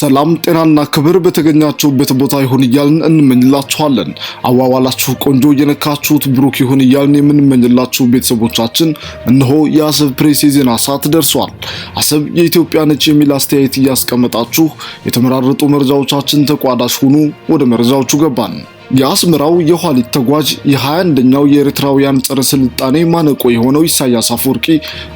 ሰላም ጤናና ክብር በተገኛችሁበት ቦታ ይሁን እያልን እንመኝላችኋለን። አዋዋላችሁ ቆንጆ የነካችሁት ብሩክ ይሁን እያልን የምንመኝላችሁ ቤተሰቦቻችን እነሆ የአሰብ ፕሬስ የዜና ሰዓት ደርሷል። አሰብ የኢትዮጵያ ነች የሚል አስተያየት እያስቀመጣችሁ የተመራረጡ መረጃዎቻችን ተቋዳሽ ሁኑ። ወደ መረጃዎቹ ገባን። የአስመራው የኋሊት ተጓዥ የ21ኛው የኤርትራውያን ጸረ ስልጣኔ ማነቆ የሆነው ኢሳያስ አፈወርቂ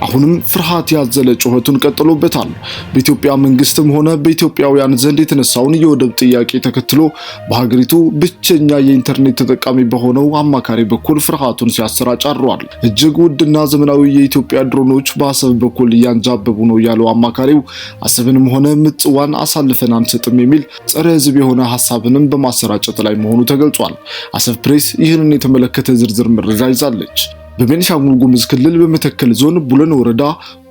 አሁንም ፍርሃት ያዘለ ጩኸቱን ቀጥሎበታል። በኢትዮጵያ መንግስትም ሆነ በኢትዮጵያውያን ዘንድ የተነሳውን የወደብ ጥያቄ ተከትሎ በሀገሪቱ ብቸኛ የኢንተርኔት ተጠቃሚ በሆነው አማካሪ በኩል ፍርሃቱን ሲያሰራጭ አድሯል። እጅግ ውድና ዘመናዊ የኢትዮጵያ ድሮኖች በአሰብ በኩል እያንጃበቡ ነው ያለው አማካሪው አሰብንም ሆነ ምጽዋን አሳልፈን አንሰጥም የሚል ጸረ ህዝብ የሆነ ሀሳብንም በማሰራጨት ላይ መሆኑ ተገልጿል። አሰብ ፕሬስ ይህንን የተመለከተ ዝርዝር መረጃ ይዛለች። በቤኒሻንጉል ጉሙዝ ክልል በመተከል ዞን ቡለን ወረዳ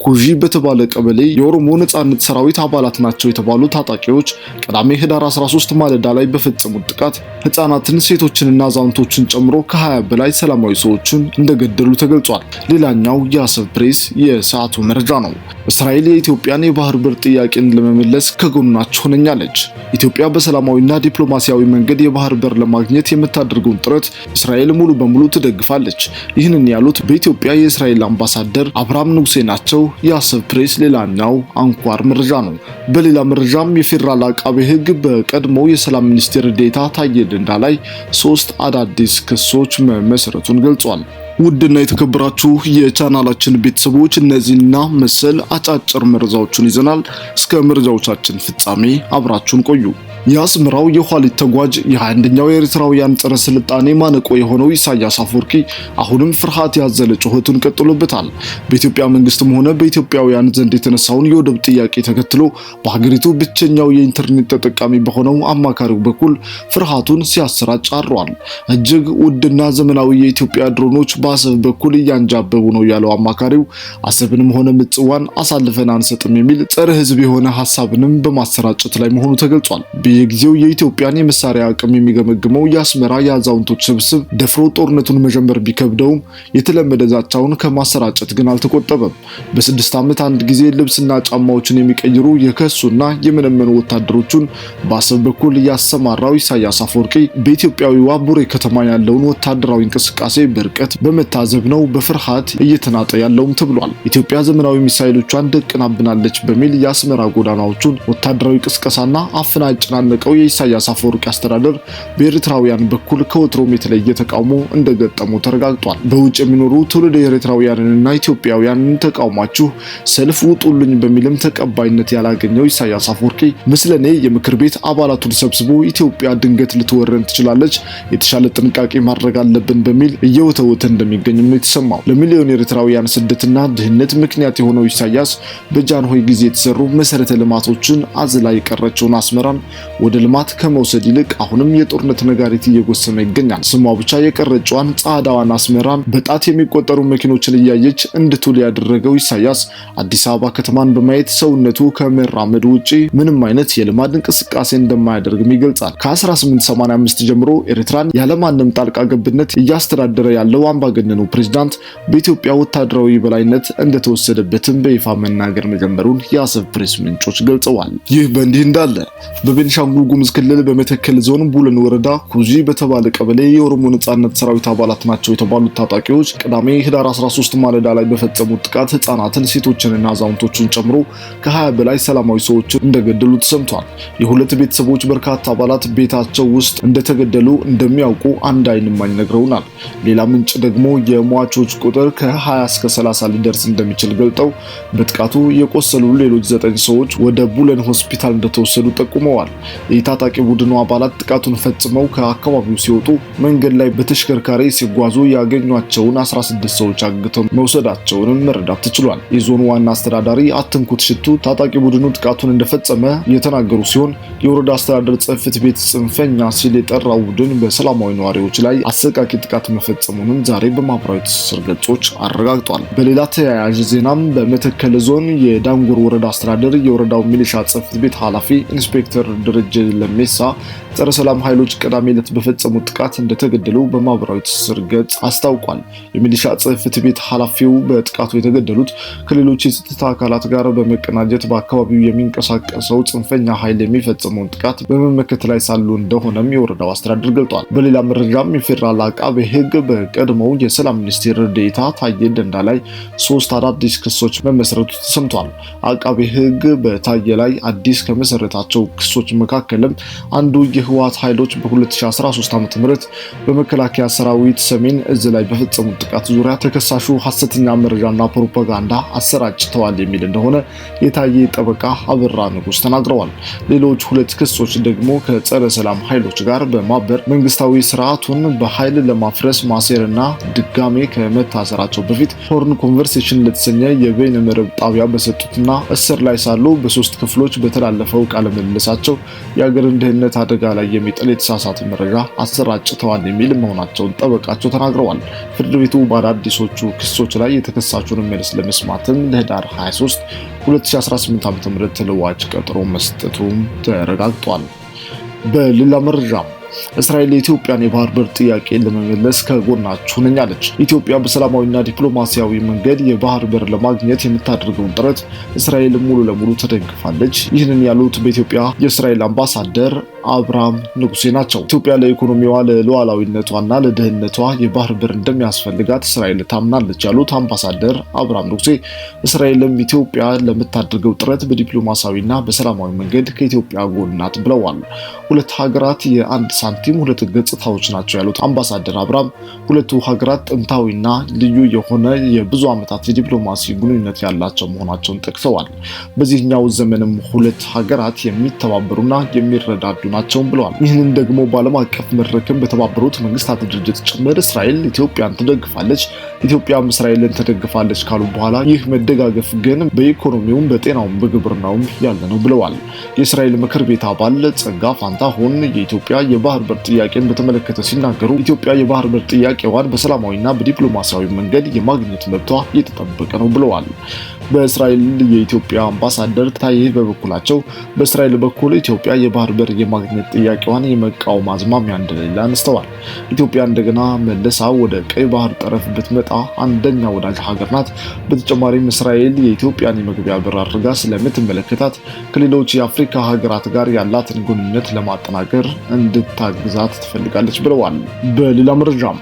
ኩዢ በተባለ ቀበሌ የኦሮሞ ነጻነት ሰራዊት አባላት ናቸው የተባሉ ታጣቂዎች ቅዳሜ ህዳር 13 ማለዳ ላይ በፈጸሙት ጥቃት ህጻናትን፣ ሴቶችንና አዛውንቶችን ጨምሮ ከ20 በላይ ሰላማዊ ሰዎችን እንደገደሉ ተገልጿል። ሌላኛው የአሰብ ፕሬስ የሰዓቱ መረጃ ነው። እስራኤል የኢትዮጵያን የባህር በር ጥያቄን ለመመለስ ከጎናች ሆነኛለች። ኢትዮጵያ በሰላማዊና ዲፕሎማሲያዊ መንገድ የባህር በር ለማግኘት የምታደርገውን ጥረት እስራኤል ሙሉ በሙሉ ትደግፋለች። ይህንን ያሉት በኢትዮጵያ የእስራኤል አምባሳደር አብርሃም ንጉሴ ናቸው። የአሰብ ፕሬስ ሌላኛው አንኳር መረጃ ነው። በሌላ መረጃም የፌዴራል አቃቤ ሕግ በቀድሞው የሰላም ሚኒስቴር ዴታ ታየ ደንዳ ላይ ሶስት አዳዲስ ክሶች መመስረቱን ገልጿል። ውድና የተከበራችሁ የቻናላችን ቤተሰቦች እነዚህና መሰል አጫጭር መረጃዎችን ይዘናል። እስከ መረጃዎቻችን ፍጻሜ አብራችሁን ቆዩ። የአስመራው የኋሊት ተጓዥ የ21ኛው የኤርትራውያን ጸረ ስልጣኔ ማነቆ የሆነው ኢሳያስ አፈወርቂ አሁንም ፍርሃት ያዘለ ጩኸቱን ቀጥሎበታል። በኢትዮጵያ መንግስትም ሆነ በኢትዮጵያውያን ዘንድ የተነሳውን የወደብ ጥያቄ ተከትሎ በሀገሪቱ ብቸኛው የኢንተርኔት ተጠቃሚ በሆነው አማካሪው በኩል ፍርሃቱን ሲያሰራጭ አድሯል። እጅግ ውድና ዘመናዊ የኢትዮጵያ ድሮኖች በአሰብ በኩል እያንጃበቡ ነው ያለው አማካሪው አሰብንም ሆነ ምጽዋን አሳልፈን አንሰጥም የሚል ጸረ ህዝብ የሆነ ሀሳብንም በማሰራጨት ላይ መሆኑ ተገልጿል። በየጊዜው የኢትዮጵያን የመሳሪያ አቅም የሚገመግመው የአስመራ የአዛውንቶች ስብስብ ደፍሮ ጦርነቱን መጀመር ቢከብደውም የተለመደ ዛቻውን ከማሰራጨት ግን አልተቆጠበም። በስድስት ዓመት አንድ ጊዜ ልብስና ጫማዎችን የሚቀይሩ የከሱና የመነመኑ ወታደሮቹን በአሰብ በኩል እያሰማራው ኢሳያስ አፈወርቂ በኢትዮጵያዊዋ ቡሬ ከተማ ያለውን ወታደራዊ እንቅስቃሴ በርቀት በመታዘብ ነው በፍርሃት እየተናጠ ያለውም ተብሏል። ኢትዮጵያ ዘመናዊ ሚሳይሎቿን ደቅናብናለች በሚል የአስመራ ጎዳናዎቹን ወታደራዊ ቅስቀሳና አፍና የተናነቀው የኢሳያስ አፈወርቂ አስተዳደር በኤርትራውያን በኩል ከወትሮም የተለየ ተቃውሞ እንደገጠሙ ተረጋግጧል። በውጭ የሚኖሩ ትውልድ ኤርትራውያንንና ኢትዮጵያውያንን ተቃውማችሁ ሰልፍ ውጡልኝ በሚልም ተቀባይነት ያላገኘው ኢሳያስ አፈወርቂ ምስለኔ የምክር ቤት አባላቱን ሰብስቦ ኢትዮጵያ ድንገት ልትወረን ትችላለች፣ የተሻለ ጥንቃቄ ማድረግ አለብን በሚል እየወተወተ እንደሚገኝም ነው የተሰማው። ለሚሊዮን ኤርትራውያን ስደትና ድህነት ምክንያት የሆነው ኢሳያስ በጃንሆይ ጊዜ የተሰሩ መሰረተ ልማቶችን አዝላ የቀረችውን አስመራን ወደ ልማት ከመውሰድ ይልቅ አሁንም የጦርነት ነጋሪት እየጎሰመ ይገኛል። ስሟ ብቻ የቀረችዋን ጸዓዳዋን አስመራን በጣት የሚቆጠሩ መኪኖችን እያየች እንድትውል ያደረገው ኢሳያስ አዲስ አበባ ከተማን በማየት ሰውነቱ ከመራመድ ውጪ ምንም አይነት የልማት እንቅስቃሴ እንደማያደርግም ይገልጻል። ከ1885 ጀምሮ ኤርትራን ያለማንም ጣልቃ ገብነት እያስተዳደረ ያለው አምባገነኑ ፕሬዚዳንት በኢትዮጵያ ወታደራዊ በላይነት እንደተወሰደበትም በይፋ መናገር መጀመሩን የአሰብ ፕሬስ ምንጮች ገልጸዋል። ይህ በእንዲህ እንዳለ በቤንሻ ባሉ ጉሙዝ ክልል በመተከል ዞን ቡለን ወረዳ ኩዚ በተባለ ቀበሌ የኦሮሞ ነጻነት ሰራዊት አባላት ናቸው የተባሉት ታጣቂዎች ቅዳሜ ህዳር 13 ማለዳ ላይ በፈጸሙት ጥቃት ህጻናትን፣ ሴቶችንና አዛውንቶችን ጨምሮ ከ20 በላይ ሰላማዊ ሰዎችን እንደገደሉ ተሰምቷል። የሁለት ቤተሰቦች በርካታ አባላት ቤታቸው ውስጥ እንደተገደሉ እንደሚያውቁ አንድ አይን እማኝ ነግረውናል። ሌላ ምንጭ ደግሞ የሟቾች ቁጥር ከ20 እስከ 30 ሊደርስ እንደሚችል ገልጠው በጥቃቱ የቆሰሉ ሌሎች ዘጠኝ ሰዎች ወደ ቡለን ሆስፒታል እንደተወሰዱ ጠቁመዋል። የታጣቂ ቡድኑ አባላት ጥቃቱን ፈጽመው ከአካባቢው ሲወጡ መንገድ ላይ በተሽከርካሪ ሲጓዙ ያገኟቸውን 16 ሰዎች አግተው መውሰዳቸውንም መረዳት ተችሏል። የዞኑ ዋና አስተዳዳሪ አትንኩት ሽቱ ታጣቂ ቡድኑ ጥቃቱን እንደፈጸመ የተናገሩ ሲሆን የወረዳ አስተዳደር ጽህፈት ቤት ጽንፈኛ ሲል የጠራው ቡድን በሰላማዊ ነዋሪዎች ላይ አሰቃቂ ጥቃት መፈጸሙንም ዛሬ በማህበራዊ ትስስር ገጾች አረጋግጧል። በሌላ ተያያዥ ዜናም በመተከል ዞን የዳንጉር ወረዳ አስተዳደር የወረዳው ሚሊሻ ጽህፈት ቤት ኃላፊ ኢንስፔክተር ድሬ ደረጀ ለሜሳ ጸረ ሰላም ኃይሎች ቅዳሜ ዕለት በፈጸሙት ጥቃት እንደተገደሉ በማህበራዊ ትስስር ገጽ አስታውቋል። የሚሊሻ ጽሕፈት ቤት ኃላፊው በጥቃቱ የተገደሉት ከሌሎች የጸጥታ አካላት ጋር በመቀናጀት በአካባቢው የሚንቀሳቀሰው ጽንፈኛ ኃይል የሚፈጽመውን ጥቃት በመመከት ላይ ሳሉ እንደሆነም የወረዳው አስተዳደር ገልጧል። በሌላ መረጃም የፌዴራል አቃቤ ሕግ በቀድሞው የሰላም ሚኒስቴር ዴኤታ ታዬ ደንዳ ላይ ሶስት አዳዲስ ክሶች መመስረቱ ተሰምቷል። አቃቤ ሕግ በታዬ ላይ አዲስ ከመሰረታቸው ክሶች መካከልም አንዱ የህወሓት ኃይሎች በ2013 ም በመከላከያ ሰራዊት ሰሜን እዝ ላይ በፈጸሙት ጥቃት ዙሪያ ተከሳሹ ሐሰተኛ መረጃና ፕሮፓጋንዳ አሰራጭተዋል የሚል እንደሆነ የታየ ጠበቃ አበራ ንጉስ ተናግረዋል። ሌሎች ሁለት ክሶች ደግሞ ከጸረ ሰላም ኃይሎች ጋር በማበር መንግስታዊ ስርዓቱን በኃይል ለማፍረስ ማሴርና ድጋሜ ከመታሰራቸው በፊት ሆርን ኮንቨርሴሽን ለተሰኘ የበይነ መረብ ጣቢያ በሰጡትና እስር ላይ ሳሉ በሶስት ክፍሎች በተላለፈው ቃለ ምልልሳቸው የአገርን ደህንነት አደጋ ላይ የሚጥል የተሳሳተ መረጃ አሰራጭተዋል የሚል መሆናቸውን ጠበቃቸው ተናግረዋል። ፍርድ ቤቱ በአዳዲሶቹ ክሶች ላይ የተከሳቹን መልስ ለመስማትም ለህዳር 23 2018 ዓ ም ተለዋጭ ቀጠሮ መስጠቱም ተረጋግጧል። በሌላ መረጃ እስራኤል የኢትዮጵያን የባህር በር ጥያቄ ለመመለስ ከጎናችሁ ነኝ አለች። ኢትዮጵያ በሰላማዊና ዲፕሎማሲያዊ መንገድ የባህር በር ለማግኘት የምታደርገውን ጥረት እስራኤል ሙሉ ለሙሉ ተደግፋለች። ይህንን ያሉት በኢትዮጵያ የእስራኤል አምባሳደር አብርሃም ንጉሴ ናቸው። ኢትዮጵያ ለኢኮኖሚዋ ለሉዓላዊነቷና ለደህንነቷ የባህር በር እንደሚያስፈልጋት እስራኤል ታምናለች ያሉት አምባሳደር አብርሃም ንጉሴ እስራኤልም ኢትዮጵያ ለምታደርገው ጥረት በዲፕሎማሲያዊና በሰላማዊ መንገድ ከኢትዮጵያ ጎን ናት ብለዋል። ሁለት ሀገራት የአንድ ሳንቲም ሁለት ገጽታዎች ናቸው ያሉት አምባሳደር አብራም ሁለቱ ሀገራት ጥንታዊና ልዩ የሆነ የብዙ ዓመታት የዲፕሎማሲ ግንኙነት ያላቸው መሆናቸውን ጠቅሰዋል። በዚህኛው ዘመንም ሁለት ሀገራት የሚተባበሩና የሚረዳዱ ናቸውም ብለዋል። ይህንን ደግሞ በዓለም አቀፍ መድረክም በተባበሩት መንግስታት ድርጅት ጭምር እስራኤል ኢትዮጵያን ትደግፋለች፣ ኢትዮጵያም እስራኤልን ትደግፋለች ካሉ በኋላ ይህ መደጋገፍ ግን በኢኮኖሚውም በጤናውም በግብርናውም ያለ ነው ብለዋል። የእስራኤል ምክር ቤት አባል ጸጋ ፋንታሁን የኢትዮጵያ የባ የባህር በር ጥያቄን በተመለከተ ሲናገሩ ኢትዮጵያ የባህር በር ጥያቄዋን በሰላማዊና በዲፕሎማሲያዊ መንገድ የማግኘት መብቷ እየተጠበቀ ነው ብለዋል። በእስራኤል የኢትዮጵያ አምባሳደር ታዬ በበኩላቸው በእስራኤል በኩል ኢትዮጵያ የባህር በር የማግኘት ጥያቄዋን የመቃወም አዝማሚያ እንደሌለ አንስተዋል። ኢትዮጵያ እንደገና መለሳ ወደ ቀይ ባህር ጠረፍ ብትመጣ አንደኛ ወዳጅ ሀገር ናት። በተጨማሪም እስራኤል የኢትዮጵያን የመግቢያ በር አድርጋ ስለምትመለከታት ከሌሎች የአፍሪካ ሀገራት ጋር ያላትን ግንኙነት ለማጠናከር እንድታግዛት ትፈልጋለች ብለዋል። በሌላ መረጃም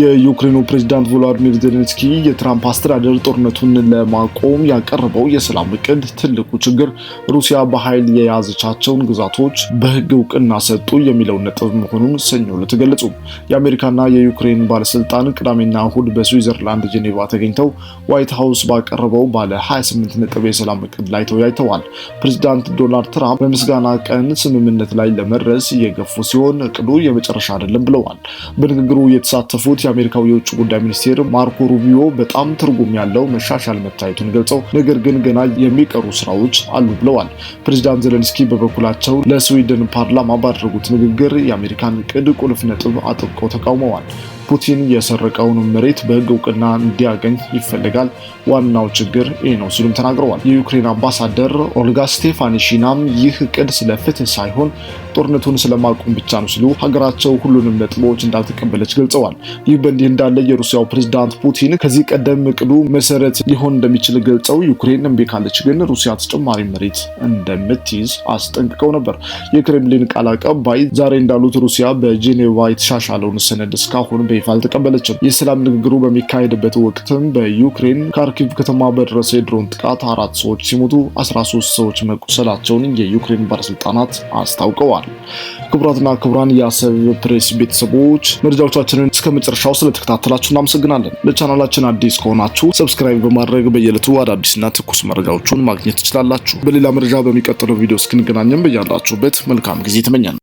የዩክሬኑ ፕሬዚዳንት ቮሎዲሚር ዜሌንስኪ የትራምፕ አስተዳደር ጦርነቱን ለማቆም ያቀረበው የሰላም እቅድ ትልቁ ችግር ሩሲያ በኃይል የያዘቻቸውን ግዛቶች በሕግ እውቅና ሰጡ የሚለው ነጥብ መሆኑን ሰኞ ዕለት ገለጹ። የአሜሪካና የዩክሬን ባለስልጣን ቅዳሜና እሁድ በስዊዘርላንድ ጄኔቫ ተገኝተው ዋይት ሀውስ ባቀረበው ባለ 28 ነጥብ የሰላም እቅድ ላይ ተወያይተዋል። ፕሬዚዳንት ዶናልድ ትራምፕ በምስጋና ቀን ስምምነት ላይ ለመድረስ እየገፉ ሲሆን እቅዱ የመጨረሻ አይደለም ብለዋል። በንግግሩ የተሳተፉት የሆኑት የአሜሪካው የውጭ ጉዳይ ሚኒስቴር ማርኮ ሩቢዮ በጣም ትርጉም ያለው መሻሻል መታየቱን ገልጸው ነገር ግን ገና የሚቀሩ ስራዎች አሉ ብለዋል። ፕሬዚዳንት ዘለንስኪ በበኩላቸው ለስዊድን ፓርላማ ባደረጉት ንግግር የአሜሪካን ቅድ ቁልፍ ነጥብ አጥብቀው ተቃውመዋል። ፑቲን የሰረቀውን መሬት በህግ እውቅና እንዲያገኝ ይፈልጋል። ዋናው ችግር ይህ ነው ሲሉም ተናግረዋል። የዩክሬን አምባሳደር ኦልጋ ስቴፋኒሺናም ይህ እቅድ ስለ ፍትህ ሳይሆን ጦርነቱን ስለማቆም ብቻ ነው ሲሉ ሀገራቸው ሁሉንም ነጥቦች እንዳልተቀበለች ገልጸዋል። ይህ በእንዲህ እንዳለ የሩሲያው ፕሬዝዳንት ፑቲን ከዚህ ቀደም እቅዱ መሰረት ሊሆን እንደሚችል ገልጸው ዩክሬን እምቢ ካለች ግን ሩሲያ ተጨማሪ መሬት እንደምትይዝ አስጠንቅቀው ነበር። የክሬምሊን ቃል አቀባይ ዛሬ እንዳሉት ሩሲያ በጄኔቫ የተሻሻለውን ሰነድ እስካሁን በይፋ አልተቀበለችም። የሰላም ንግግሩ በሚካሄድበት ወቅትም በዩክሬን ካርኪቭ ከተማ በደረሰ የድሮን ጥቃት አራት ሰዎች ሲሞቱ 13 ሰዎች መቁሰላቸውን የዩክሬን ባለስልጣናት አስታውቀዋል። ክቡራትና ክቡራን የአሰብ ፕሬስ ቤተሰቦች መረጃዎቻችንን እስከ መጨረሻው ስለተከታተላችሁ እናመሰግናለን። ለቻናላችን አዲስ ከሆናችሁ ሰብስክራይብ በማድረግ በየዕለቱ አዳዲስና ትኩስ መረጃዎቹን ማግኘት ትችላላችሁ። በሌላ መረጃ በሚቀጥለው ቪዲዮ እስክንገናኘም በያላችሁበት መልካም ጊዜ ተመኛል።